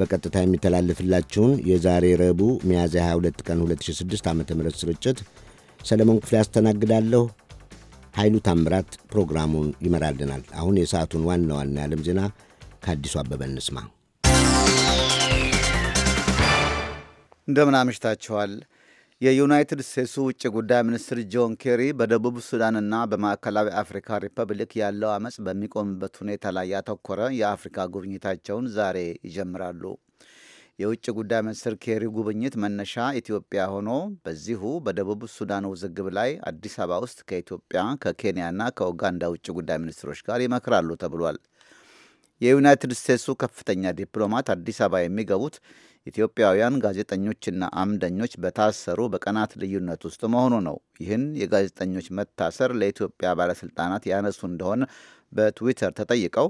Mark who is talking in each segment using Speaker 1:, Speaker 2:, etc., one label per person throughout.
Speaker 1: በቀጥታ የሚተላለፍላችሁን የዛሬ ረቡዕ ሚያዝያ 22 ቀን 2006 ዓ ም ስርጭት ሰለሞን ክፍሌ ያስተናግዳለሁ። ኃይሉ ታምራት ፕሮግራሙን ይመራልናል። አሁን የሰዓቱን ዋና ዋና የዓለም ዜና ከአዲሱ አበበ እንስማ።
Speaker 2: እንደምን አምሽታችኋል። የዩናይትድ ስቴትሱ ውጭ ጉዳይ ሚኒስትር ጆን ኬሪ በደቡብ ሱዳንና በማዕከላዊ አፍሪካ ሪፐብሊክ ያለው አመፅ በሚቆምበት ሁኔታ ላይ ያተኮረ የአፍሪካ ጉብኝታቸውን ዛሬ ይጀምራሉ። የውጭ ጉዳይ ሚኒስትር ኬሪ ጉብኝት መነሻ ኢትዮጵያ ሆኖ በዚሁ በደቡብ ሱዳን ውዝግብ ላይ አዲስ አበባ ውስጥ ከኢትዮጵያ ከኬንያና ከኡጋንዳ ውጭ ጉዳይ ሚኒስትሮች ጋር ይመክራሉ ተብሏል። የዩናይትድ ስቴትሱ ከፍተኛ ዲፕሎማት አዲስ አበባ የሚገቡት ኢትዮጵያውያን ጋዜጠኞችና አምደኞች በታሰሩ በቀናት ልዩነት ውስጥ መሆኑ ነው። ይህን የጋዜጠኞች መታሰር ለኢትዮጵያ ባለሥልጣናት ያነሱ እንደሆን በትዊተር ተጠይቀው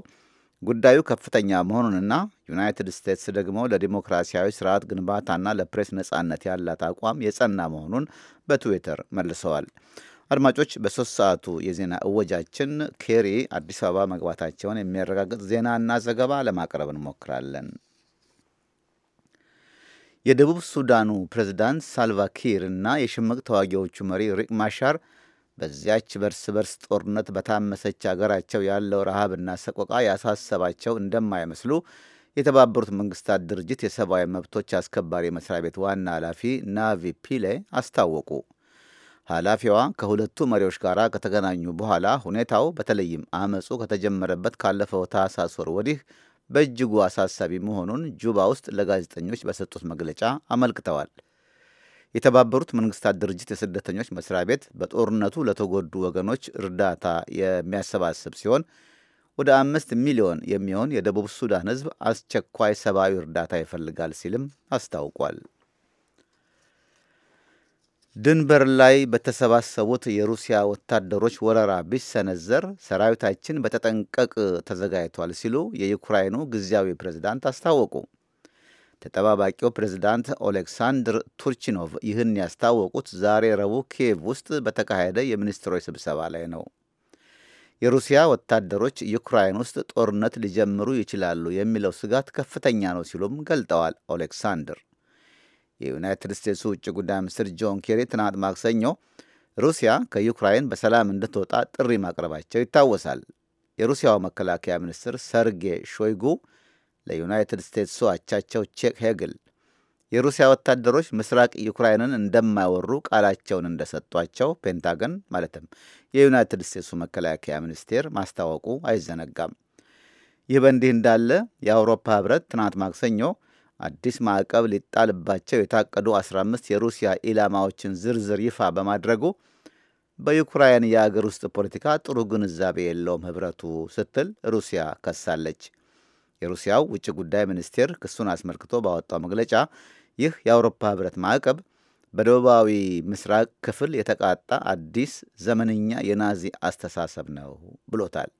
Speaker 2: ጉዳዩ ከፍተኛ መሆኑንና ዩናይትድ ስቴትስ ደግሞ ለዲሞክራሲያዊ ስርዓት ግንባታና ለፕሬስ ነጻነት ያላት አቋም የጸና መሆኑን በትዊተር መልሰዋል። አድማጮች፣ በሶስት ሰዓቱ የዜና እወጃችን ኬሪ አዲስ አበባ መግባታቸውን የሚያረጋግጥ ዜናና ዘገባ ለማቅረብ እንሞክራለን። የደቡብ ሱዳኑ ፕሬዝዳንት ሳልቫኪር እና የሽምቅ ተዋጊዎቹ መሪ ሪቅ ማሻር በዚያች በርስ በርስ ጦርነት በታመሰች አገራቸው ያለው ረሃብና ሰቆቃ ያሳሰባቸው እንደማይመስሉ የተባበሩት መንግስታት ድርጅት የሰብአዊ መብቶች አስከባሪ መስሪያ ቤት ዋና ኃላፊ ናቪ ፒሌ አስታወቁ። ኃላፊዋ ከሁለቱ መሪዎች ጋር ከተገናኙ በኋላ ሁኔታው በተለይም አመፁ ከተጀመረበት ካለፈው ታህሳስ ወር ወዲህ በእጅጉ አሳሳቢ መሆኑን ጁባ ውስጥ ለጋዜጠኞች በሰጡት መግለጫ አመልክተዋል። የተባበሩት መንግስታት ድርጅት የስደተኞች መስሪያ ቤት በጦርነቱ ለተጎዱ ወገኖች እርዳታ የሚያሰባስብ ሲሆን ወደ አምስት ሚሊዮን የሚሆን የደቡብ ሱዳን ሕዝብ አስቸኳይ ሰብአዊ እርዳታ ይፈልጋል ሲልም አስታውቋል። ድንበር ላይ በተሰባሰቡት የሩሲያ ወታደሮች ወረራ ቢሰነዘር ሰራዊታችን በተጠንቀቅ ተዘጋጅቷል ሲሉ የዩክራይኑ ጊዜያዊ ፕሬዝዳንት አስታወቁ። ተጠባባቂው ፕሬዝዳንት ኦሌክሳንድር ቱርቺኖቭ ይህን ያስታወቁት ዛሬ ረቡዕ ኪየቭ ውስጥ በተካሄደ የሚኒስትሮች ስብሰባ ላይ ነው። የሩሲያ ወታደሮች ዩክራይን ውስጥ ጦርነት ሊጀምሩ ይችላሉ የሚለው ስጋት ከፍተኛ ነው ሲሉም ገልጠዋል ኦሌክሳንድር የዩናይትድ ስቴትሱ ውጭ ጉዳይ ሚኒስትር ጆን ኬሪ ትናንት ማክሰኞ ሩሲያ ከዩክራይን በሰላም እንድትወጣ ጥሪ ማቅረባቸው ይታወሳል። የሩሲያው መከላከያ ሚኒስትር ሰርጌ ሾይጉ ለዩናይትድ ስቴትሱ አቻቸው ቼክ ሄግል የሩሲያ ወታደሮች ምስራቅ ዩክራይንን እንደማይወሩ ቃላቸውን እንደሰጧቸው ፔንታገን ማለትም የዩናይትድ ስቴትሱ መከላከያ ሚኒስቴር ማስታወቁ አይዘነጋም። ይህ በእንዲህ እንዳለ የአውሮፓ ህብረት ትናንት ማክሰኞ አዲስ ማዕቀብ ሊጣልባቸው የታቀዱ 15 የሩሲያ ኢላማዎችን ዝርዝር ይፋ በማድረጉ በዩክራይን የአገር ውስጥ ፖለቲካ ጥሩ ግንዛቤ የለውም ህብረቱ ስትል ሩሲያ ከሳለች። የሩሲያው ውጭ ጉዳይ ሚኒስቴር ክሱን አስመልክቶ ባወጣው መግለጫ ይህ የአውሮፓ ህብረት ማዕቀብ በደቡባዊ ምስራቅ ክፍል የተቃጣ አዲስ ዘመነኛ የናዚ አስተሳሰብ ነው ብሎታል።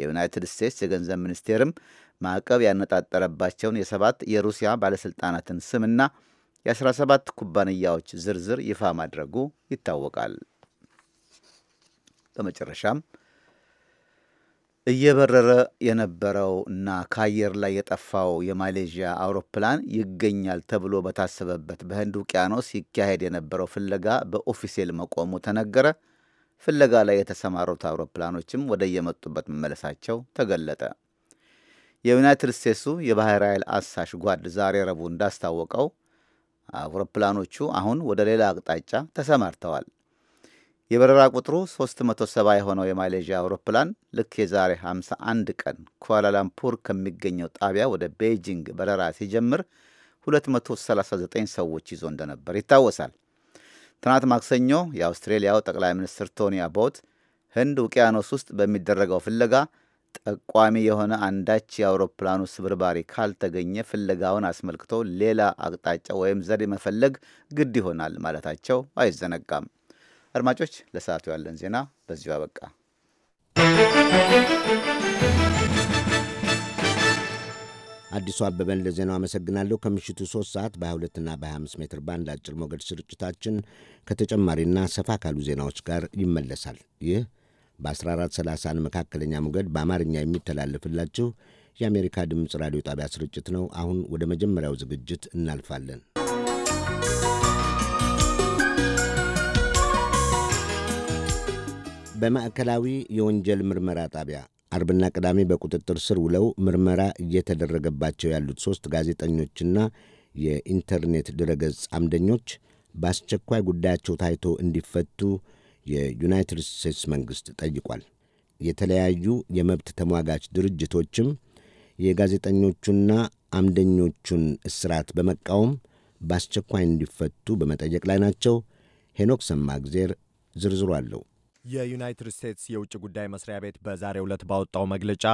Speaker 2: የዩናይትድ ስቴትስ የገንዘብ ሚኒስቴርም ማዕቀብ ያነጣጠረባቸውን የሰባት የሩሲያ ባለሥልጣናትን ስምና የ17 ኩባንያዎች ዝርዝር ይፋ ማድረጉ ይታወቃል። በመጨረሻም እየበረረ የነበረው እና ከአየር ላይ የጠፋው የማሌዥያ አውሮፕላን ይገኛል ተብሎ በታሰበበት በህንድ ውቅያኖስ ይካሄድ የነበረው ፍለጋ በኦፊሴል መቆሙ ተነገረ። ፍለጋ ላይ የተሰማሩት አውሮፕላኖችም ወደ የመጡበት መመለሳቸው ተገለጠ። የዩናይትድ ስቴትሱ የባህር ኃይል አሳሽ ጓድ ዛሬ ረቡዕ እንዳስታወቀው አውሮፕላኖቹ አሁን ወደ ሌላ አቅጣጫ ተሰማርተዋል። የበረራ ቁጥሩ 370 የሆነው የማሌዥያ አውሮፕላን ልክ የዛሬ 51 ቀን ኳላላምፑር ከሚገኘው ጣቢያ ወደ ቤይጂንግ በረራ ሲጀምር 239 ሰዎች ይዞ እንደነበር ይታወሳል። ትናንት ማክሰኞ የአውስትሬሊያው ጠቅላይ ሚኒስትር ቶኒ አቦት ህንድ ውቅያኖስ ውስጥ በሚደረገው ፍለጋ ጠቋሚ የሆነ አንዳች የአውሮፕላኑ ስብርባሪ ካልተገኘ ፍለጋውን አስመልክቶ ሌላ አቅጣጫ ወይም ዘዴ መፈለግ ግድ ይሆናል ማለታቸው አይዘነጋም። አድማጮች፣ ለሰዓቱ ያለን ዜና በዚሁ አበቃ።
Speaker 1: አዲሱ አበበን ለዜናው አመሰግናለሁ። ከምሽቱ 3 ሰዓት በ22ና በ25 ሜትር ባንድ አጭር ሞገድ ስርጭታችን ከተጨማሪና ሰፋ ካሉ ዜናዎች ጋር ይመለሳል። ይህ በ1430 መካከለኛ ሞገድ በአማርኛ የሚተላለፍላችሁ የአሜሪካ ድምፅ ራዲዮ ጣቢያ ስርጭት ነው። አሁን ወደ መጀመሪያው ዝግጅት እናልፋለን። በማዕከላዊ የወንጀል ምርመራ ጣቢያ አርብና ቅዳሜ በቁጥጥር ስር ውለው ምርመራ እየተደረገባቸው ያሉት ሦስት ጋዜጠኞችና የኢንተርኔት ድረገጽ አምደኞች በአስቸኳይ ጉዳያቸው ታይቶ እንዲፈቱ የዩናይትድ ስቴትስ መንግሥት ጠይቋል። የተለያዩ የመብት ተሟጋች ድርጅቶችም የጋዜጠኞቹና አምደኞቹን እስራት በመቃወም በአስቸኳይ እንዲፈቱ በመጠየቅ ላይ ናቸው። ሄኖክ ሰማእግዜር ዝርዝሩ አለው።
Speaker 3: የዩናይትድ ስቴትስ የውጭ ጉዳይ መስሪያ ቤት በዛሬው ዕለት ባወጣው መግለጫ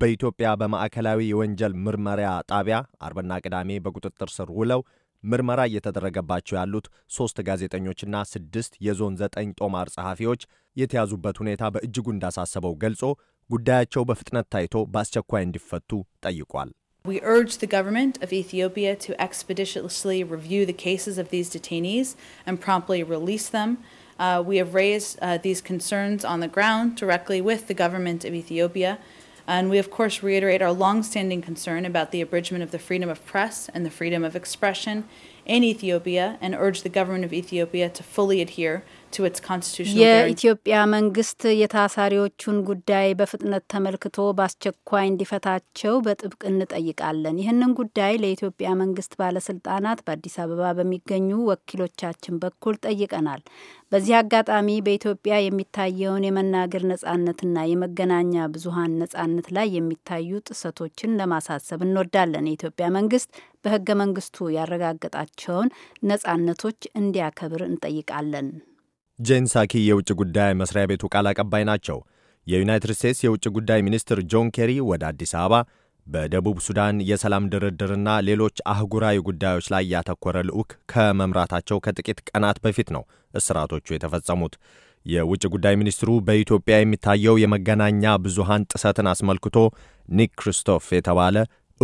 Speaker 3: በኢትዮጵያ በማዕከላዊ የወንጀል ምርመራ ጣቢያ አርብና ቅዳሜ በቁጥጥር ስር ውለው ምርመራ እየተደረገባቸው ያሉት ሦስት ጋዜጠኞችና ስድስት የዞን ዘጠኝ ጦማር ጸሐፊዎች የተያዙበት ሁኔታ በእጅጉ እንዳሳሰበው ገልጾ ጉዳያቸው በፍጥነት ታይቶ በአስቸኳይ እንዲፈቱ ጠይቋል።
Speaker 4: We
Speaker 2: urge the government of Ethiopia to expeditiously review the cases of these detainees and promptly release them. Uh, we have raised uh, these concerns on the ground directly with the government of Ethiopia. And we, of course, reiterate our longstanding concern about the abridgment of the freedom of press and the freedom of expression in Ethiopia and urge the government of Ethiopia to fully adhere የኢትዮጵያ
Speaker 5: መንግስት የታሳሪዎቹን ጉዳይ በፍጥነት ተመልክቶ በአስቸኳይ እንዲፈታቸው በጥብቅ እንጠይቃለን። ይህንን ጉዳይ ለኢትዮጵያ መንግስት ባለስልጣናት በአዲስ አበባ በሚገኙ ወኪሎቻችን በኩል ጠይቀናል። በዚህ አጋጣሚ በኢትዮጵያ የሚታየውን የመናገር ነጻነትና የመገናኛ ብዙሀን ነጻነት ላይ የሚታዩ ጥሰቶችን ለማሳሰብ እንወዳለን። የኢትዮጵያ መንግስት በህገ መንግስቱ ያረጋገጣቸውን ነጻነቶች እንዲያከብር እንጠይቃለን።
Speaker 3: ጄን ሳኪ የውጭ ጉዳይ መስሪያ ቤቱ ቃል አቀባይ ናቸው። የዩናይትድ ስቴትስ የውጭ ጉዳይ ሚኒስትር ጆን ኬሪ ወደ አዲስ አበባ በደቡብ ሱዳን የሰላም ድርድርና ሌሎች አህጉራዊ ጉዳዮች ላይ ያተኮረ ልዑክ ከመምራታቸው ከጥቂት ቀናት በፊት ነው እስራቶቹ የተፈጸሙት። የውጭ ጉዳይ ሚኒስትሩ በኢትዮጵያ የሚታየው የመገናኛ ብዙሃን ጥሰትን አስመልክቶ ኒክ ክርስቶፍ የተባለ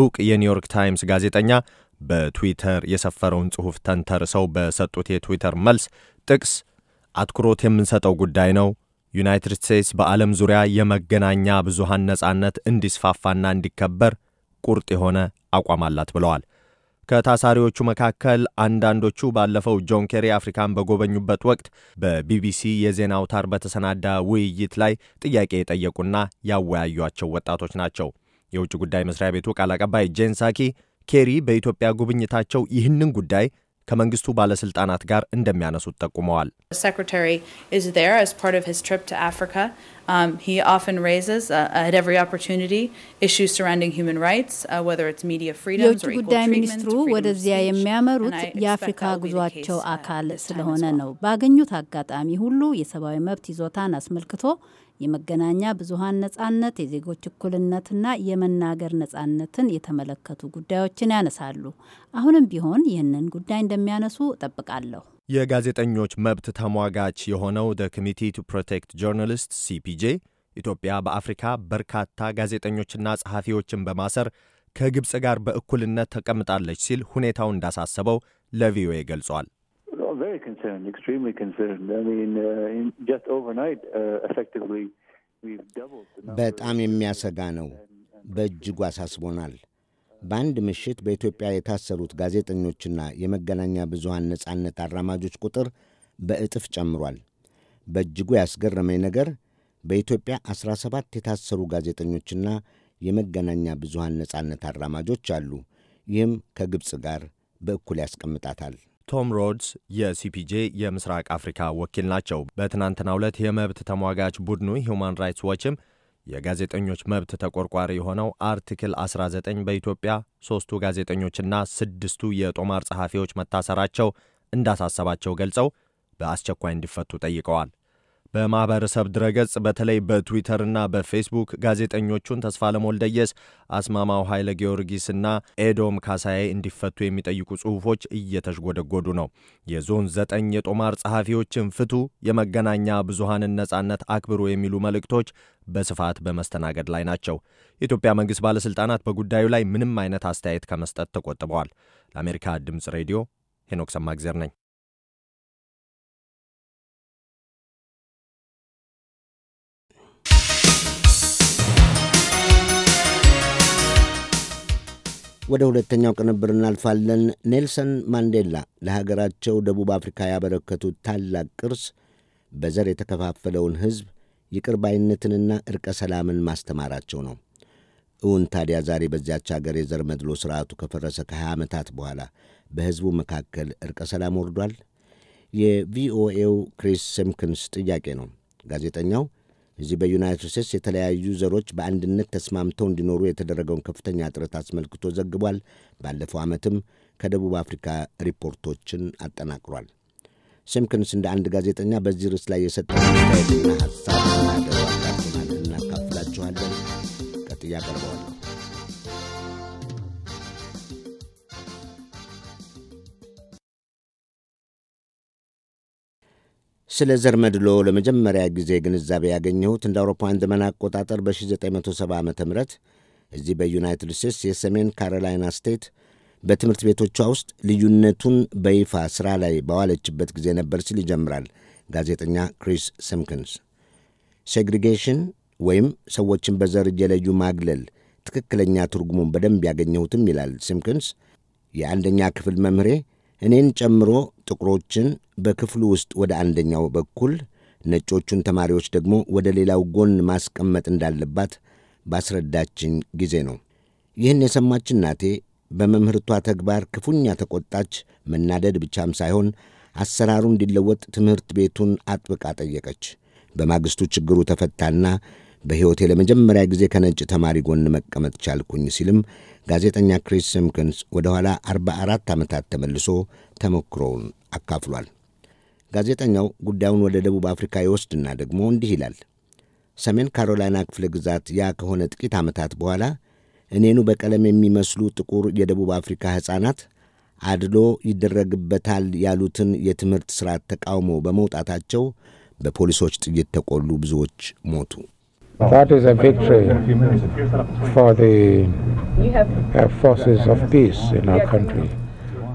Speaker 3: ዕውቅ የኒውዮርክ ታይምስ ጋዜጠኛ በትዊተር የሰፈረውን ጽሑፍ ተንተርሰው በሰጡት የትዊተር መልስ ጥቅስ አትኩሮት የምንሰጠው ጉዳይ ነው። ዩናይትድ ስቴትስ በዓለም ዙሪያ የመገናኛ ብዙሃን ነጻነት እንዲስፋፋና እንዲከበር ቁርጥ የሆነ አቋም አላት ብለዋል። ከታሳሪዎቹ መካከል አንዳንዶቹ ባለፈው ጆን ኬሪ አፍሪካን በጎበኙበት ወቅት በቢቢሲ የዜና አውታር በተሰናዳ ውይይት ላይ ጥያቄ የጠየቁና ያወያዩቸው ወጣቶች ናቸው። የውጭ ጉዳይ መስሪያ ቤቱ ቃል አቀባይ ጄን ሳኪ ኬሪ በኢትዮጵያ ጉብኝታቸው ይህንን ጉዳይ ከመንግስቱ ባለስልጣናት ጋር እንደሚያነሱት ጠቁመዋል።
Speaker 2: um, uh, uh, የውጭ ጉዳይ ሚኒስትሩ
Speaker 5: ወደዚያ የሚያመሩት የአፍሪካ ጉዟቸው uh, አካል ስለሆነ ነው። ባገኙት አጋጣሚ ሁሉ የሰብአዊ መብት ይዞታን አስመልክቶ የመገናኛ ብዙሀን ነጻነት፣ የዜጎች እኩልነትና የመናገር ነጻነትን የተመለከቱ ጉዳዮችን ያነሳሉ። አሁንም ቢሆን ይህንን ጉዳይ እንደሚያነሱ እጠብቃለሁ።
Speaker 3: የጋዜጠኞች መብት ተሟጋች የሆነው ደ ኮሚቴ ቱ ፕሮቴክት ጆርናሊስት ሲፒጄ ኢትዮጵያ በአፍሪካ በርካታ ጋዜጠኞችና ጸሐፊዎችን በማሰር ከግብፅ ጋር በእኩልነት ተቀምጣለች ሲል ሁኔታው እንዳሳሰበው ለቪኦኤ ገልጿል።
Speaker 6: Well, very concerned, extremely concerned. I mean, uh, in just overnight, uh, effectively, we've
Speaker 1: doubled the number. በጣም የሚያሰጋ ነው። በእጅጉ አሳስቦናል። በአንድ ምሽት በኢትዮጵያ የታሰሩት ጋዜጠኞችና የመገናኛ ብዙሃን ነጻነት አራማጆች ቁጥር በእጥፍ ጨምሯል። በእጅጉ ያስገረመኝ ነገር በኢትዮጵያ 17 የታሰሩ ጋዜጠኞችና የመገናኛ ብዙሃን ነጻነት አራማጆች አሉ። ይህም ከግብፅ ጋር በእኩል ያስቀምጣታል።
Speaker 3: ቶም ሮድስ የሲፒጄ የምስራቅ አፍሪካ ወኪል ናቸው። በትናንትናው ዕለት የመብት ተሟጋች ቡድኑ ሂውማን ራይትስ ዋችም የጋዜጠኞች መብት ተቆርቋሪ የሆነው አርቲክል 19 በኢትዮጵያ ሦስቱ ጋዜጠኞችና ስድስቱ የጦማር ጸሐፊዎች መታሰራቸው እንዳሳሰባቸው ገልጸው በአስቸኳይ እንዲፈቱ ጠይቀዋል። በማኅበረሰብ ድረገጽ በተለይ በትዊተርና በፌስቡክ ጋዜጠኞቹን ተስፋለም ወልደየስ፣ አስማማው ኃይለ ጊዮርጊስና ኤዶም ካሳዬ እንዲፈቱ የሚጠይቁ ጽሑፎች እየተሽጎደጎዱ ነው። የዞን ዘጠኝ የጦማር ጸሐፊዎችን ፍቱ፣ የመገናኛ ብዙሃንን ነጻነት አክብሩ የሚሉ መልእክቶች በስፋት በመስተናገድ ላይ ናቸው። የኢትዮጵያ መንግሥት ባለሥልጣናት በጉዳዩ ላይ ምንም አይነት አስተያየት ከመስጠት ተቆጥበዋል። ለአሜሪካ ድምፅ ሬዲዮ ሄኖክ ሰማግዜር ነኝ።
Speaker 1: ወደ ሁለተኛው ቅንብር እናልፋለን። ኔልሰን ማንዴላ ለሀገራቸው ደቡብ አፍሪካ ያበረከቱት ታላቅ ቅርስ በዘር የተከፋፈለውን ሕዝብ ይቅር ባይነትንና ዕርቀ ሰላምን ማስተማራቸው ነው። እውን ታዲያ ዛሬ በዚያች አገር የዘር መድሎ ስርዓቱ ከፈረሰ ከ20 ዓመታት በኋላ በሕዝቡ መካከል ዕርቀ ሰላም ወርዷል? የቪኦኤው ክሪስ ሲምክንስ ጥያቄ ነው። ጋዜጠኛው እዚህ በዩናይትድ ስቴትስ የተለያዩ ዘሮች በአንድነት ተስማምተው እንዲኖሩ የተደረገውን ከፍተኛ ጥረት አስመልክቶ ዘግቧል። ባለፈው ዓመትም ከደቡብ አፍሪካ ሪፖርቶችን አጠናቅሯል። ሲምክንስ እንደ አንድ ጋዜጠኛ በዚህ ርዕስ ላይ የሰጠው
Speaker 5: አስተያየትና ሀሳብ
Speaker 1: እናካፍላችኋለን። ቀጥያ ቀርበዋል። ስለ ዘር መድሎ ለመጀመሪያ ጊዜ ግንዛቤ ያገኘሁት እንደ አውሮፓውያን ዘመን አቆጣጠር በ1970 ዓ ም እዚህ በዩናይትድ ስቴትስ የሰሜን ካሮላይና ስቴት በትምህርት ቤቶቿ ውስጥ ልዩነቱን በይፋ ሥራ ላይ በዋለችበት ጊዜ ነበር ሲል ይጀምራል ጋዜጠኛ ክሪስ ሲምኪንስ። ሴግሪጌሽን ወይም ሰዎችን በዘር እየለዩ ማግለል ትክክለኛ ትርጉሙን በደንብ ያገኘሁትም ይላል ሲምኪንስ የአንደኛ ክፍል መምህሬ እኔን ጨምሮ ጥቁሮችን በክፍሉ ውስጥ ወደ አንደኛው በኩል ነጮቹን ተማሪዎች ደግሞ ወደ ሌላው ጎን ማስቀመጥ እንዳለባት ባስረዳችኝ ጊዜ ነው። ይህን የሰማች እናቴ በመምህርቷ ተግባር ክፉኛ ተቆጣች። መናደድ ብቻም ሳይሆን አሰራሩ እንዲለወጥ ትምህርት ቤቱን አጥብቃ ጠየቀች። በማግስቱ ችግሩ ተፈታና በሕይወቴ ለመጀመሪያ ጊዜ ከነጭ ተማሪ ጎን መቀመጥ ቻልኩኝ ሲልም ጋዜጠኛ ክሪስ ሲምኪንስ ወደ ኋላ 44 ዓመታት ተመልሶ ተሞክሮውን አካፍሏል። ጋዜጠኛው ጉዳዩን ወደ ደቡብ አፍሪካ ይወስድና ደግሞ እንዲህ ይላል። ሰሜን ካሮላይና ክፍለ ግዛት ያ ከሆነ ጥቂት ዓመታት በኋላ እኔኑ በቀለም የሚመስሉ ጥቁር የደቡብ አፍሪካ ሕፃናት አድሎ ይደረግበታል ያሉትን የትምህርት ሥርዓት ተቃውሞ በመውጣታቸው በፖሊሶች ጥይት ተቆሉ፣ ብዙዎች ሞቱ።
Speaker 4: That is a victory
Speaker 1: for the uh, forces of peace in our country.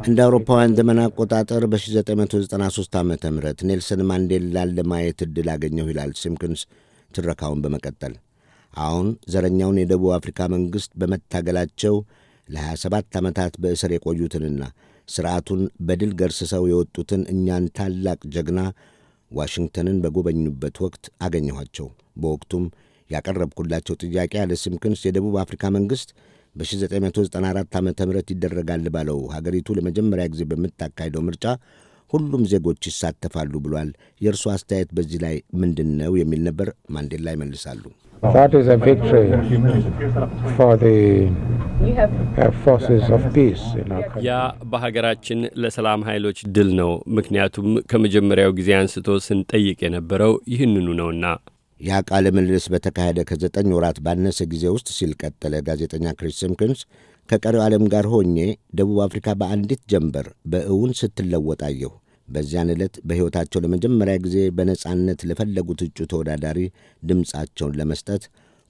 Speaker 1: እንደ አውሮፓውያን ዘመን አቆጣጠር በ1993 ዓ ም ኔልሰን ማንዴላን ለማየት ዕድል አገኘሁ ይላል ሲምክንስ ትረካውን በመቀጠል አሁን ዘረኛውን የደቡብ አፍሪካ መንግሥት በመታገላቸው ለ27 ዓመታት በእስር የቆዩትንና ሥርዓቱን በድል ገርስሰው የወጡትን እኛን ታላቅ ጀግና ዋሽንግተንን በጎበኙበት ወቅት አገኘኋቸው። በወቅቱም ያቀረብኩላቸው ጥያቄ አለ ሲምክንስ የደቡብ አፍሪካ መንግሥት በ1994 ዓ ም ይደረጋል ባለው ሀገሪቱ ለመጀመሪያ ጊዜ በምታካሄደው ምርጫ ሁሉም ዜጎች ይሳተፋሉ ብሏል። የእርሱ አስተያየት በዚህ ላይ ምንድን ነው የሚል ነበር። ማንዴላ ይመልሳሉ።
Speaker 7: uh, ያ በሀገራችን ለሰላም ኃይሎች ድል ነው። ምክንያቱም ከመጀመሪያው ጊዜ አንስቶ ስንጠይቅ የነበረው ይህንኑ ነውና
Speaker 1: ያ ቃለ ምልልስ በተካሄደ ከዘጠኝ ወራት ባነሰ ጊዜ ውስጥ ሲል ቀጠለ ጋዜጠኛ ክሪስ ሲምኪንስ ከቀሪው ዓለም ጋር ሆኜ ደቡብ አፍሪካ በአንዲት ጀንበር በእውን ስትለወጣየሁ በዚያን ዕለት በሕይወታቸው ለመጀመሪያ ጊዜ በነጻነት ለፈለጉት እጩ ተወዳዳሪ ድምፃቸውን ለመስጠት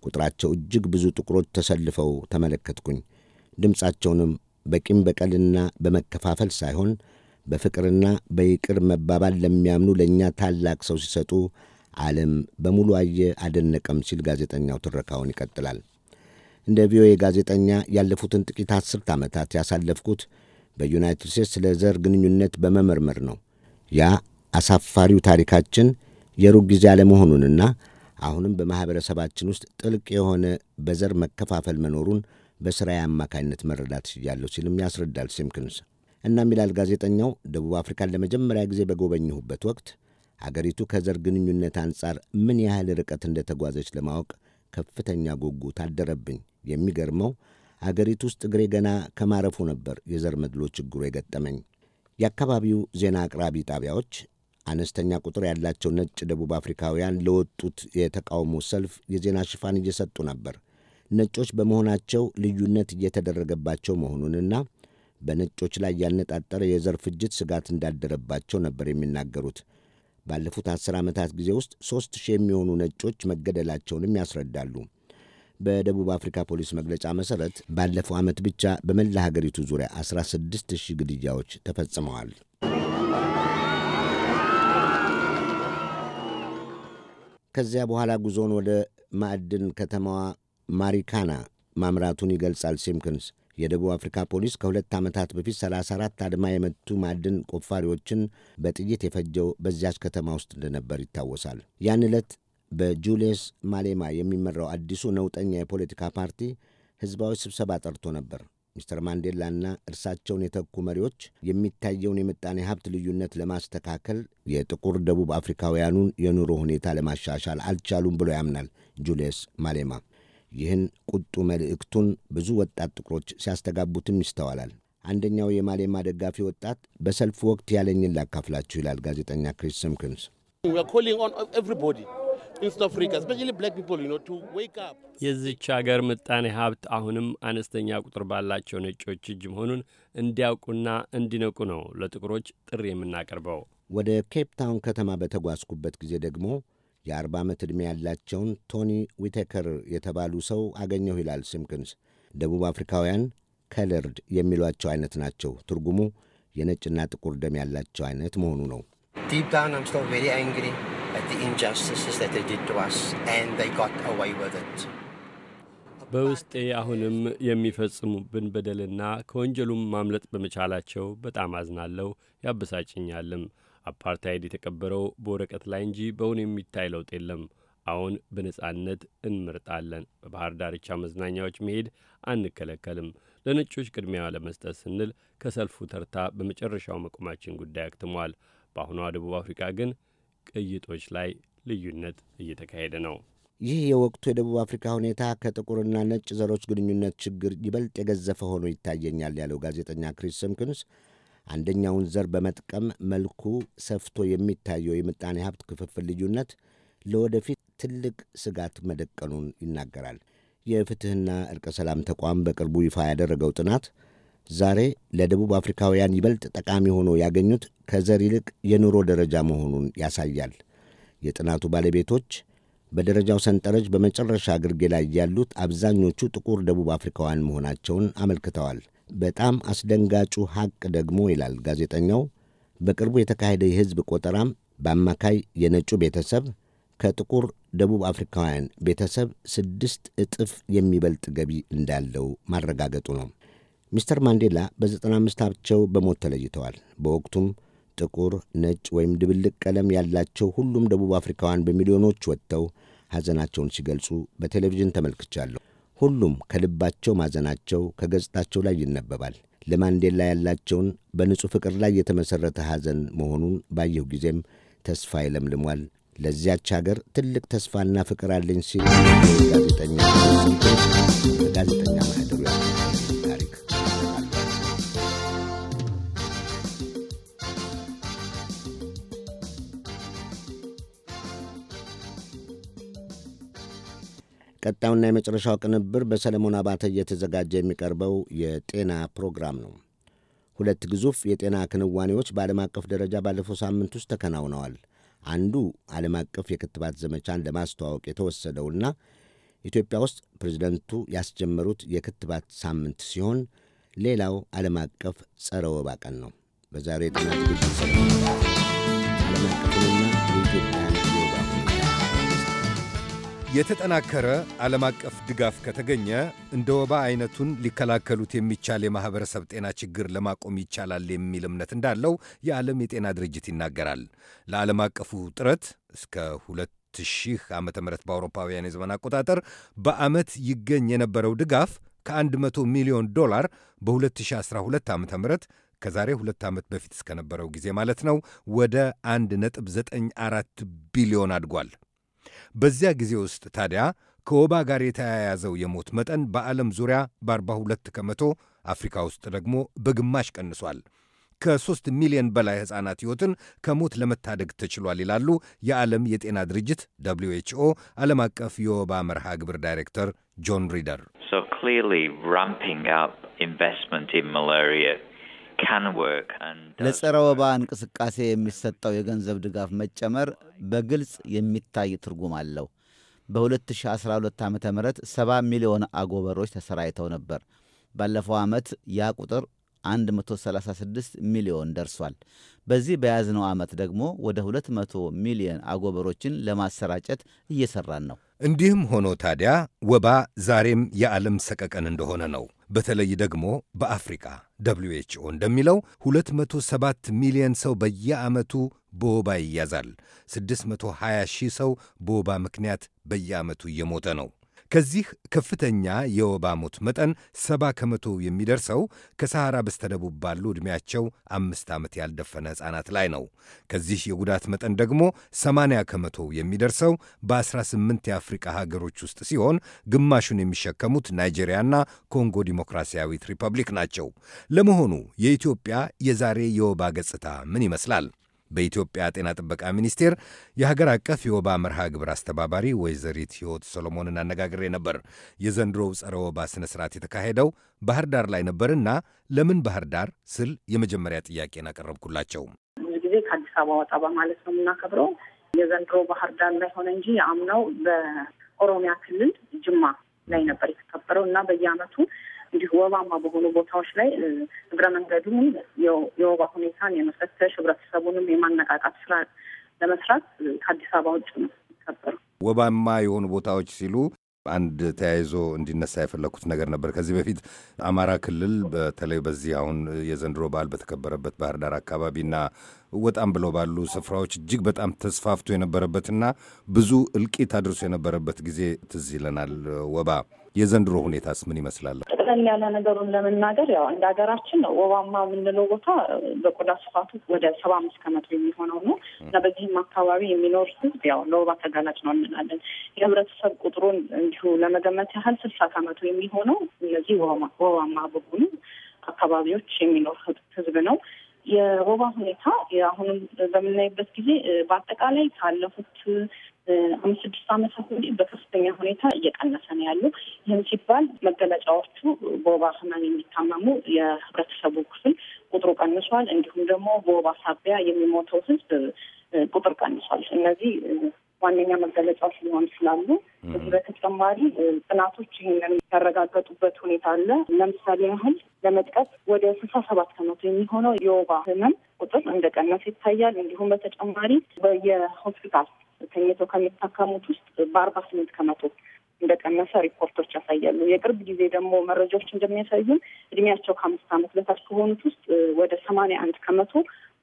Speaker 1: ቁጥራቸው እጅግ ብዙ ጥቁሮች ተሰልፈው ተመለከትኩኝ። ድምፃቸውንም በቂም በቀልና በመከፋፈል ሳይሆን በፍቅርና በይቅር መባባል ለሚያምኑ ለእኛ ታላቅ ሰው ሲሰጡ ዓለም በሙሉ አየ አደነቀም ሲል ጋዜጠኛው ትረካውን ይቀጥላል። እንደ ቪኦኤ ጋዜጠኛ ያለፉትን ጥቂት አስርት ዓመታት ያሳለፍኩት በዩናይትድ ስቴትስ ለዘር ግንኙነት በመመርመር ነው። ያ አሳፋሪው ታሪካችን የሩቅ ጊዜ አለመሆኑንና አሁንም በማኅበረሰባችን ውስጥ ጥልቅ የሆነ በዘር መከፋፈል መኖሩን በሥራዬ አማካኝነት መረዳት ችያለሁ ሲልም ያስረዳል ሲምክንስ። እናም ይላል ጋዜጠኛው፣ ደቡብ አፍሪካን ለመጀመሪያ ጊዜ በጎበኘሁበት ወቅት አገሪቱ ከዘር ግንኙነት አንጻር ምን ያህል ርቀት እንደተጓዘች ለማወቅ ከፍተኛ ጉጉት አደረብኝ። የሚገርመው አገሪቱ ውስጥ እግሬ ገና ከማረፉ ነበር የዘር መድሎ ችግሩ የገጠመኝ። የአካባቢው ዜና አቅራቢ ጣቢያዎች አነስተኛ ቁጥር ያላቸው ነጭ ደቡብ አፍሪካውያን ለወጡት የተቃውሞ ሰልፍ የዜና ሽፋን እየሰጡ ነበር። ነጮች በመሆናቸው ልዩነት እየተደረገባቸው መሆኑንና በነጮች ላይ ያነጣጠረ የዘር ፍጅት ስጋት እንዳደረባቸው ነበር የሚናገሩት። ባለፉት አስር ዓመታት ጊዜ ውስጥ ሦስት ሺህ የሚሆኑ ነጮች መገደላቸውንም ያስረዳሉ። በደቡብ አፍሪካ ፖሊስ መግለጫ መሠረት ባለፈው ዓመት ብቻ በመላ ሀገሪቱ ዙሪያ 16 ሺህ ግድያዎች ተፈጽመዋል። ከዚያ በኋላ ጉዞውን ወደ ማዕድን ከተማዋ ማሪካና ማምራቱን ይገልጻል ሲምክንስ። የደቡብ አፍሪካ ፖሊስ ከሁለት ዓመታት በፊት 34 አድማ የመቱ ማዕድን ቆፋሪዎችን በጥይት የፈጀው በዚያች ከተማ ውስጥ እንደነበር ይታወሳል። ያን ዕለት በጁልየስ ማሌማ የሚመራው አዲሱ ነውጠኛ የፖለቲካ ፓርቲ ሕዝባዊ ስብሰባ ጠርቶ ነበር። ሚስተር ማንዴላና እርሳቸውን የተኩ መሪዎች የሚታየውን የምጣኔ ሀብት ልዩነት ለማስተካከል የጥቁር ደቡብ አፍሪካውያኑን የኑሮ ሁኔታ ለማሻሻል አልቻሉም ብሎ ያምናል ጁልየስ ማሌማ። ይህን ቁጡ መልእክቱን ብዙ ወጣት ጥቁሮች ሲያስተጋቡትም ይስተዋላል። አንደኛው የማሌማ ደጋፊ ወጣት በሰልፍ ወቅት ያለኝን ላካፍላችሁ ይላል ጋዜጠኛ ክሪስ ስምክንስ።
Speaker 7: የዚች አገር ምጣኔ ሀብት አሁንም አነስተኛ ቁጥር ባላቸው ነጮች እጅ መሆኑን እንዲያውቁና እንዲነቁ ነው ለጥቁሮች ጥሪ የምናቀርበው።
Speaker 1: ወደ ኬፕ ታውን ከተማ በተጓዝኩበት ጊዜ ደግሞ የ40 ዓመት ዕድሜ ያላቸውን ቶኒ ዊቴከር የተባሉ ሰው አገኘሁ ይላል ሲምክንስ። ደቡብ አፍሪካውያን ከለርድ የሚሏቸው አይነት ናቸው። ትርጉሙ የነጭና ጥቁር ደም ያላቸው አይነት መሆኑ ነው።
Speaker 7: በውስጤ አሁንም የሚፈጽሙብን በደልና ከወንጀሉም ማምለጥ በመቻላቸው በጣም አዝናለሁ፣ ያበሳጭኛልም። አፓርታይድ የተቀበረው በወረቀት ላይ እንጂ በእውን የሚታይ ለውጥ የለም። አሁን በነጻነት እንመርጣለን። በባህር ዳርቻ መዝናኛዎች መሄድ አንከለከልም። ለነጮች ቅድሚያ ለመስጠት ስንል ከሰልፉ ተርታ በመጨረሻው መቆማችን ጉዳይ አክትሟል። በአሁኗ ደቡብ አፍሪካ ግን ቅይጦች ላይ ልዩነት እየተካሄደ ነው።
Speaker 1: ይህ የወቅቱ የደቡብ አፍሪካ ሁኔታ ከጥቁርና ነጭ ዘሮች ግንኙነት ችግር ይበልጥ የገዘፈ ሆኖ ይታየኛል ያለው ጋዜጠኛ ክሪስ ስምክንስ አንደኛውን ዘር በመጥቀም መልኩ ሰፍቶ የሚታየው የምጣኔ ሀብት ክፍፍል ልዩነት ለወደፊት ትልቅ ስጋት መደቀኑን ይናገራል። የፍትሕና ዕርቀ ሰላም ተቋም በቅርቡ ይፋ ያደረገው ጥናት ዛሬ ለደቡብ አፍሪካውያን ይበልጥ ጠቃሚ ሆኖ ያገኙት ከዘር ይልቅ የኑሮ ደረጃ መሆኑን ያሳያል። የጥናቱ ባለቤቶች በደረጃው ሰንጠረዥ በመጨረሻ ግርጌ ላይ ያሉት አብዛኞቹ ጥቁር ደቡብ አፍሪካውያን መሆናቸውን አመልክተዋል። በጣም አስደንጋጩ ሐቅ ደግሞ ይላል ጋዜጠኛው፣ በቅርቡ የተካሄደ የሕዝብ ቆጠራም በአማካይ የነጩ ቤተሰብ ከጥቁር ደቡብ አፍሪካውያን ቤተሰብ ስድስት እጥፍ የሚበልጥ ገቢ እንዳለው ማረጋገጡ ነው። ሚስተር ማንዴላ በ95ቸው በሞት ተለይተዋል። በወቅቱም ጥቁር፣ ነጭ ወይም ድብልቅ ቀለም ያላቸው ሁሉም ደቡብ አፍሪካውያን በሚሊዮኖች ወጥተው ሐዘናቸውን ሲገልጹ በቴሌቪዥን ተመልክቻለሁ። ሁሉም ከልባቸው ማዘናቸው ከገጽታቸው ላይ ይነበባል። ለማንዴላ ያላቸውን በንጹሕ ፍቅር ላይ የተመሠረተ ሐዘን መሆኑን ባየሁ ጊዜም ተስፋ ይለምልሟል። ለዚያች ሀገር ትልቅ ተስፋና ፍቅር አለኝ ሲል ጋዜጠኛ ጋዜጠኛ ማህደሩ ቀጣዩና የመጨረሻው ቅንብር በሰለሞን አባተ እየተዘጋጀ የሚቀርበው የጤና ፕሮግራም ነው። ሁለት ግዙፍ የጤና ክንዋኔዎች በዓለም አቀፍ ደረጃ ባለፈው ሳምንት ውስጥ ተከናውነዋል። አንዱ ዓለም አቀፍ የክትባት ዘመቻን ለማስተዋወቅ የተወሰደውና ኢትዮጵያ ውስጥ ፕሬዚደንቱ ያስጀመሩት የክትባት ሳምንት ሲሆን ሌላው ዓለም አቀፍ ጸረ ወባ ቀን ነው። በዛሬው የጤና ዓለም አቀፍና የኢትዮጵያ
Speaker 4: የተጠናከረ ዓለም አቀፍ ድጋፍ ከተገኘ እንደ ወባ አይነቱን ሊከላከሉት የሚቻል የማኅበረሰብ ጤና ችግር ለማቆም ይቻላል የሚል እምነት እንዳለው የዓለም የጤና ድርጅት ይናገራል። ለዓለም አቀፉ ጥረት እስከ 2000 ዓ ም በአውሮፓውያን የዘመን አቆጣጠር በዓመት ይገኝ የነበረው ድጋፍ ከ100 ሚሊዮን ዶላር በ2012 ዓ ም ከዛሬ ሁለት ዓመት በፊት እስከነበረው ጊዜ ማለት ነው ወደ 1.94 ቢሊዮን አድጓል። በዚያ ጊዜ ውስጥ ታዲያ ከወባ ጋር የተያያዘው የሞት መጠን በዓለም ዙሪያ በ42 ከመቶ፣ አፍሪካ ውስጥ ደግሞ በግማሽ ቀንሷል። ከ3 ሚሊዮን በላይ ሕፃናት ሕይወትን ከሞት ለመታደግ ተችሏል ይላሉ የዓለም የጤና ድርጅት ደብልዩ ኤች ኦ ዓለም አቀፍ የወባ መርሃ ግብር ዳይሬክተር ጆን ሪደር።
Speaker 2: ለጸረ ወባ እንቅስቃሴ የሚሰጠው የገንዘብ ድጋፍ መጨመር በግልጽ የሚታይ ትርጉም አለው። በ2012 ዓ ም 70 ሚሊዮን አጎበሮች ተሰራይተው ነበር። ባለፈው ዓመት ያ ቁጥር 136 ሚሊዮን ደርሷል። በዚህ በያዝነው ዓመት ደግሞ
Speaker 4: ወደ 200 ሚሊዮን አጎበሮችን ለማሰራጨት እየሰራን ነው። እንዲህም ሆኖ ታዲያ ወባ ዛሬም የዓለም ሰቀቀን እንደሆነ ነው። በተለይ ደግሞ በአፍሪካ ደብሊው ኤች ኦ እንደሚለው 207 ሚሊዮን ሰው በየዓመቱ በወባ ይያዛል። 620 ሺህ ሰው በወባ ምክንያት በየዓመቱ እየሞተ ነው። ከዚህ ከፍተኛ የወባ ሞት መጠን ሰባ ከመቶ የሚደርሰው ከሰሐራ በስተደቡብ ባሉ ዕድሜያቸው አምስት ዓመት ያልደፈነ ሕፃናት ላይ ነው። ከዚህ የጉዳት መጠን ደግሞ ሰማንያ ከመቶ የሚደርሰው በ18 የአፍሪቃ ሀገሮች ውስጥ ሲሆን ግማሹን የሚሸከሙት ናይጄሪያና ኮንጎ ዲሞክራሲያዊት ሪፐብሊክ ናቸው። ለመሆኑ የኢትዮጵያ የዛሬ የወባ ገጽታ ምን ይመስላል? በኢትዮጵያ ጤና ጥበቃ ሚኒስቴር የሀገር አቀፍ የወባ መርሃ ግብር አስተባባሪ ወይዘሪት ሕይወት ሰሎሞንን አነጋግሬ ነበር። የዘንድሮው ጸረ ወባ ሥነ ሥርዓት የተካሄደው ባህር ዳር ላይ ነበርና ለምን ባህር ዳር ስል የመጀመሪያ ጥያቄን አቀረብኩላቸው።
Speaker 6: ብዙ ጊዜ ከአዲስ አበባ ወጣ በማለት ነው የምናከብረው። የዘንድሮ ባህር ዳር ላይ ሆነ እንጂ የአምናው በኦሮሚያ ክልል ጅማ ላይ ነበር የተከበረው እና በየዓመቱ እንዲሁ ወባማ በሆኑ ቦታዎች ላይ እግረ መንገዱን የወባ ሁኔታን የመፈተሽ ህብረተሰቡንም የማነቃቃት ስራ ለመስራት ከአዲስ አበባ ውጭ ነው
Speaker 4: የሚከበረው። ወባማ የሆኑ ቦታዎች ሲሉ አንድ ተያይዞ እንዲነሳ የፈለግኩት ነገር ነበር። ከዚህ በፊት አማራ ክልል በተለይ በዚህ አሁን የዘንድሮ በዓል በተከበረበት ባህር ዳር አካባቢና ወጣም ብለው ባሉ ስፍራዎች እጅግ በጣም ተስፋፍቶ የነበረበትና ብዙ እልቂት አድርሶ የነበረበት ጊዜ ትዝ ይለናል ወባ የዘንድሮ ሁኔታስ ምን ይመስላል?
Speaker 6: ጠቅለል ያለ ነገሩን ለመናገር ያው እንደ ሀገራችን ወባማ የምንለው ቦታ በቆዳ ስፋቱ ወደ ሰባ አምስት ከመቶ የሚሆነው ነው እና በዚህም አካባቢ የሚኖር ህዝብ ያው ለወባ ተጋላጭ ነው እንላለን። የህብረተሰብ ቁጥሩን እንዲሁ ለመገመት ያህል ስልሳ ከመቶ የሚሆነው እነዚህ ወባማ በሆኑ አካባቢዎች የሚኖር ህዝብ ነው። የወባ ሁኔታ አሁንም በምናይበት ጊዜ በአጠቃላይ ካለፉት አምስት ስድስት አመታት ወዲህ በከፍተኛ ሁኔታ እየቀነሰ ነው ያሉ። ይህም ሲባል መገለጫዎቹ በወባ ህመም የሚታመሙ የህብረተሰቡ ክፍል ቁጥሩ ቀንሷል። እንዲሁም ደግሞ በወባ ሳቢያ የሚሞተው ህዝብ ቁጥር ቀንሷል። እነዚህ ዋነኛ መገለጫዎች ሊሆን ይችላሉ። በተጨማሪ ጥናቶች ይህንን ያረጋገጡበት ሁኔታ አለ። ለምሳሌ ያህል ለመጥቀስ ወደ ስልሳ ሰባት ከመቶ የሚሆነው የወባ ህመም ቁጥር እንደቀነሰ ይታያል። እንዲሁም በተጨማሪ የሆስፒታል ተኝተው ከሚታከሙት ውስጥ በአርባ ስምንት ከመቶ እንደቀነሰ ሪፖርቶች ያሳያሉ። የቅርብ ጊዜ ደግሞ መረጃዎች እንደሚያሳዩም እድሜያቸው ከአምስት ዓመት በታች ከሆኑት ውስጥ ወደ ሰማንያ አንድ ከመቶ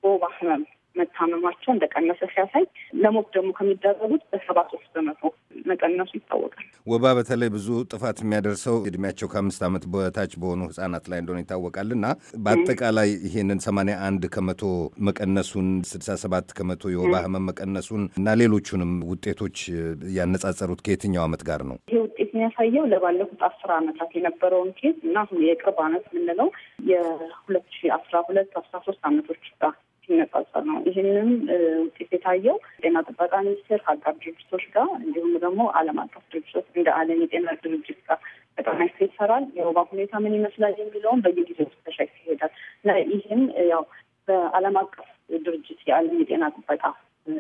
Speaker 6: በወባ ህመም መታመማቸው እንደቀነሰ ሲያሳይ ለሞት ደግሞ ከሚደረጉት በሰባ ሶስት በመቶ መቀነሱ ይታወቃል።
Speaker 4: ወባ በተለይ ብዙ ጥፋት የሚያደርሰው እድሜያቸው ከአምስት ዓመት በታች በሆኑ ህጻናት ላይ እንደሆነ ይታወቃል እና በአጠቃላይ ይሄንን ሰማንያ አንድ ከመቶ መቀነሱን ስድሳ ሰባት ከመቶ የወባ ህመም መቀነሱን እና ሌሎቹንም ውጤቶች ያነጻጸሩት ከየትኛው ዓመት ጋር ነው? ይሄ
Speaker 6: ውጤት የሚያሳየው ለባለፉት አስር ዓመታት የነበረውን ኬዝ እና አሁን የቅርብ ዓመት የምንለው የሁለት ሺ አስራ ሁለት አስራ ሶስት ዓመቶች ጋር ሲነጻጸር ነው። ይህንም ውጤት የታየው ጤና ጥበቃ ሚኒስቴር ከአጋር ድርጅቶች ጋር እንዲሁም ደግሞ ዓለም አቀፍ ድርጅቶች እንደ ዓለም የጤና ድርጅት ጋር በጣም አይቶ ይሰራል። የወባ ሁኔታ ምን ይመስላል የሚለውን በየጊዜው ተሻሽ ይሄዳል እና ይህም ያው በዓለም አቀፍ ድርጅት የዓለም የጤና ጥበቃ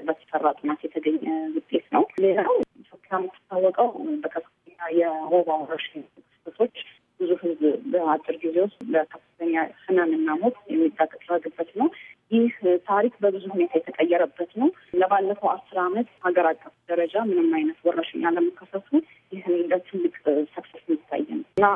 Speaker 6: በተሰራ ጥናት የተገኘ ውጤት ነው። ሌላው ኢትዮጵያ የምትታወቀው በከፍተኛ የወባ ወረርሽኝ ክስተቶች ብዙ ህዝብ በአጭር ጊዜ ውስጥ በከፍተኛ ህመምና ሞት የሚዳረግበት ነው። ይህ ታሪክ በብዙ ሁኔታ የተቀየረበት ነው። ለባለፈው አስር ዓመት ሀገር አቀፍ ደረጃ ምንም አይነት ወረርሽኝ አለመከሰቱ ይህን እንደ ትልቅ ሰክሰስ የሚታየ ነው እና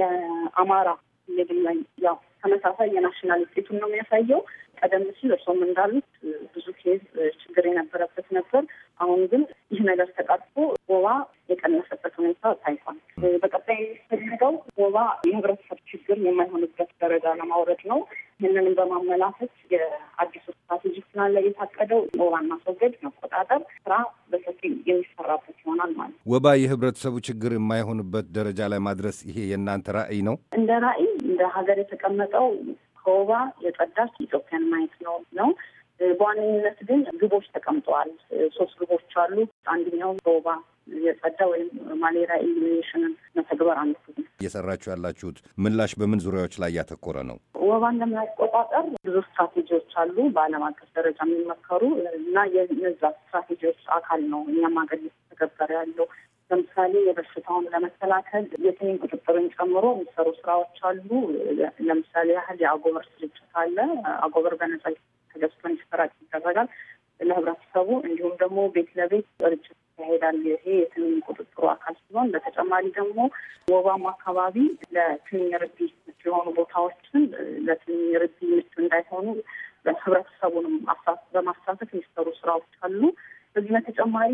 Speaker 6: የአማራ ክልል ላይ ያው ተመሳሳይ የናሽናል ውጤቱን ነው የሚያሳየው። ቀደም ሲል እርሶም እንዳሉት ብዙ ኬዝ ችግር የነበረበት ነበር። አሁን ግን ይህ ነገር ተቃጥፎ ወባ የቀነሰበት ሁኔታ ታይቷል። በቀጣይ የሚፈልገው ወባ የህብረተሰብ ችግር የማይሆንበት ደረጃ ለማውረድ ነው። ይህንንም በማመላከት የአዲሱ ስትራቴጂክ ፕላን ላይ የታቀደው ወባን ማስወገድ፣ መቆጣጠር ስራ በሰፊ የሚሰራበት ይሆናል ማለት
Speaker 4: ነው። ወባ የህብረተሰቡ ችግር የማይሆንበት ደረጃ ላይ ማድረስ ይሄ የእናንተ ራዕይ ነው።
Speaker 6: እንደ ራዕይ እንደ ሀገር የተቀመጠው ከወባ የጸዳች ኢትዮጵያን ማየት ነው ነው። በዋነኝነት ግን ግቦች ተቀምጠዋል። ሶስት ግቦች አሉ። አንደኛው ከወባ የጸዳ ወይም ማሌሪያ ኢሊሚኔሽንን መተግበር አንዱ
Speaker 4: እየሰራችሁ ያላችሁት ምላሽ በምን ዙሪያዎች ላይ እያተኮረ ነው?
Speaker 6: ወባን ለመቆጣጠር ብዙ ስትራቴጂዎች አሉ በዓለም አቀፍ ደረጃ የሚመከሩ እና የነዛ ስትራቴጂዎች አካል ነው እኛም ሀገር እየተተገበረ ያለው ለምሳሌ የበሽታውን ለመከላከል የትንኝ ቁጥጥርን ጨምሮ የሚሰሩ ስራዎች አሉ። ለምሳሌ ያህል የአጎበር ስርጭት አለ። አጎበር በነጻ ተገዝቶ እንዲሰራጭ ይደረጋል ለህብረተሰቡ። እንዲሁም ደግሞ ቤት ለቤት ርጭት ይካሄዳል። ይሄ የትንኝ ቁጥጥሩ አካል ሲሆን በተጨማሪ ደግሞ ወባም አካባቢ ለትንኝ ርቢ የሆኑ ቦታዎችን ለትንኝ ርቢ ምቹ እንዳይሆኑ ህብረተሰቡንም በማሳተፍ የሚሰሩ ስራዎች አሉ። በዚህ በተጨማሪ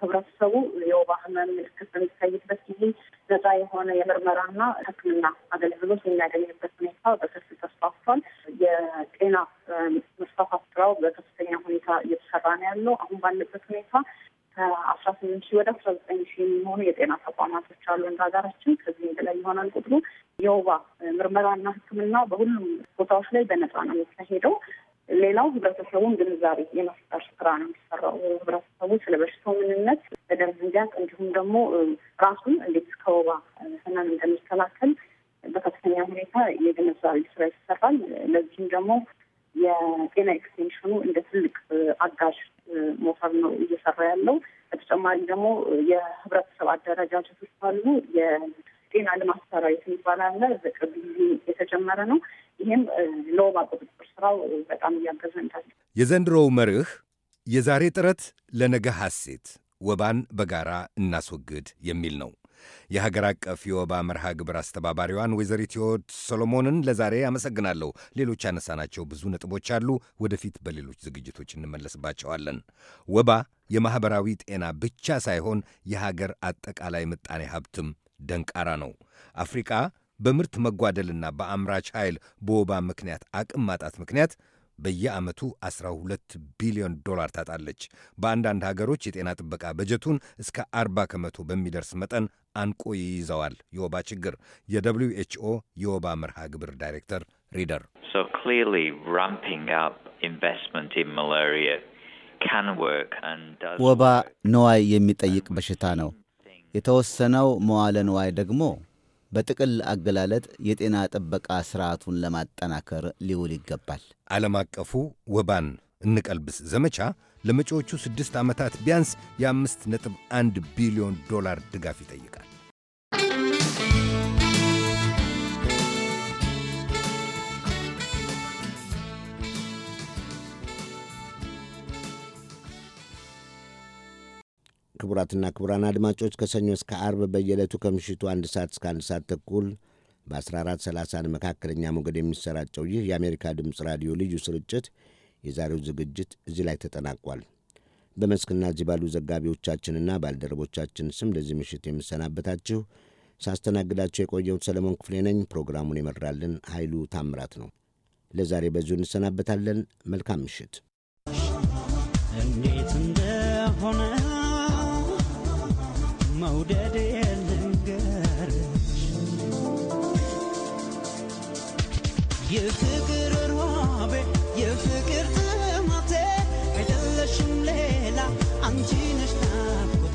Speaker 6: ህብረተሰቡ የወባ ህመም ምልክት በሚታይበት ጊዜ ነጻ የሆነ የምርመራና ሕክምና አገልግሎት የሚያገኝበት ሁኔታ በሰፊው ተስፋፍቷል። የጤና መስፋፋት ስራው በከፍተኛ ሁኔታ እየተሰራ ነው ያለው። አሁን ባለበት ሁኔታ አስራ ስምንት ሺህ ወደ አስራ ዘጠኝ ሺህ የሚሆኑ የጤና ተቋማቶች አሉ እንደ ሀገራችን። ከዚህም በላይ ይሆናል ቁጥሩ። የወባ ምርመራና ሕክምና በሁሉም ቦታዎች ላይ በነጻ ነው የሚካሄደው። ሌላው ህብረተሰቡን ግንዛቤ የመፍጠር ስራ ነው የሚሰራው። ህብረተሰቡ ስለ በሽታው ምንነት በደንብ እንዲያውቅ እንዲሁም ደግሞ ራሱን እንዴት ከወባ ህመም እንደሚከላከል በከፍተኛ ሁኔታ የግንዛቤ ስራ ይሰራል። ለዚህም ደግሞ የጤና ኤክስቴንሽኑ እንደ ትልቅ አጋዥ ሞሳብ ነው እየሰራ ያለው። በተጨማሪ ደግሞ የህብረተሰብ አደረጃጀቶች አሉ። የጤና ልማት ሰራዊት የሚባል አለ። በቅርብ ጊዜ የተጀመረ ነው። ይህም ለወባ ቁጥጥር ስራው በጣም እያገዘ እንዳለ
Speaker 4: የዘንድሮው መርህ የዛሬ ጥረት ለነገ ሐሴት ወባን በጋራ እናስወግድ የሚል ነው። የሀገር አቀፍ የወባ መርሃ ግብር አስተባባሪዋን ወይዘሪት ሕይወት ሶሎሞንን ለዛሬ አመሰግናለሁ። ሌሎች ያነሳናቸው ብዙ ነጥቦች አሉ። ወደፊት በሌሎች ዝግጅቶች እንመለስባቸዋለን። ወባ የማኅበራዊ ጤና ብቻ ሳይሆን የሀገር አጠቃላይ ምጣኔ ሀብትም ደንቃራ ነው። አፍሪቃ በምርት መጓደልና በአምራች ኃይል በወባ ምክንያት አቅም ማጣት ምክንያት በየዓመቱ 12 ቢሊዮን ዶላር ታጣለች። በአንዳንድ ሀገሮች የጤና ጥበቃ በጀቱን እስከ 40 ከመቶ በሚደርስ መጠን አንቆ ይይዘዋል። የወባ ችግር የደብሊው ኤች ኦ የወባ መርሃ ግብር ዳይሬክተር ሪደር ወባ
Speaker 2: ነዋይ የሚጠይቅ በሽታ ነው። የተወሰነው መዋለ ነዋይ ደግሞ በጥቅል አገላለጥ የጤና ጥበቃ ሥርዓቱን
Speaker 4: ለማጠናከር ሊውል ይገባል። ዓለም አቀፉ ወባን እንቀልብስ ዘመቻ ለመጪዎቹ ስድስት ዓመታት ቢያንስ የአምስት ነጥብ አንድ ቢሊዮን ዶላር ድጋፍ ይጠይቃል።
Speaker 1: ክቡራትና ክቡራን አድማጮች ከሰኞ እስከ አርብ በየዕለቱ ከምሽቱ አንድ ሰዓት እስከ አንድ ሰዓት ተኩል በ1430 መካከለኛ ሞገድ የሚሰራጨው ይህ የአሜሪካ ድምፅ ራዲዮ ልዩ ስርጭት የዛሬው ዝግጅት እዚህ ላይ ተጠናቋል። በመስክና እዚህ ባሉ ዘጋቢዎቻችንና ባልደረቦቻችን ስም ለዚህ ምሽት የምሰናበታችሁ ሳስተናግዳቸው የቆየሁት ሰለሞን ክፍሌ ነኝ። ፕሮግራሙን የመራልን ኃይሉ ታምራት ነው። ለዛሬ በዚሁ እንሰናበታለን። መልካም ምሽት። እንዴት እንደሆነ መውደድ የልንገርሽ
Speaker 4: የፍቅር
Speaker 5: ሯቤ የፍቅር ጥማቴ አይደለሽም ሌላ አንቺ ነሽ ናፍቆቴ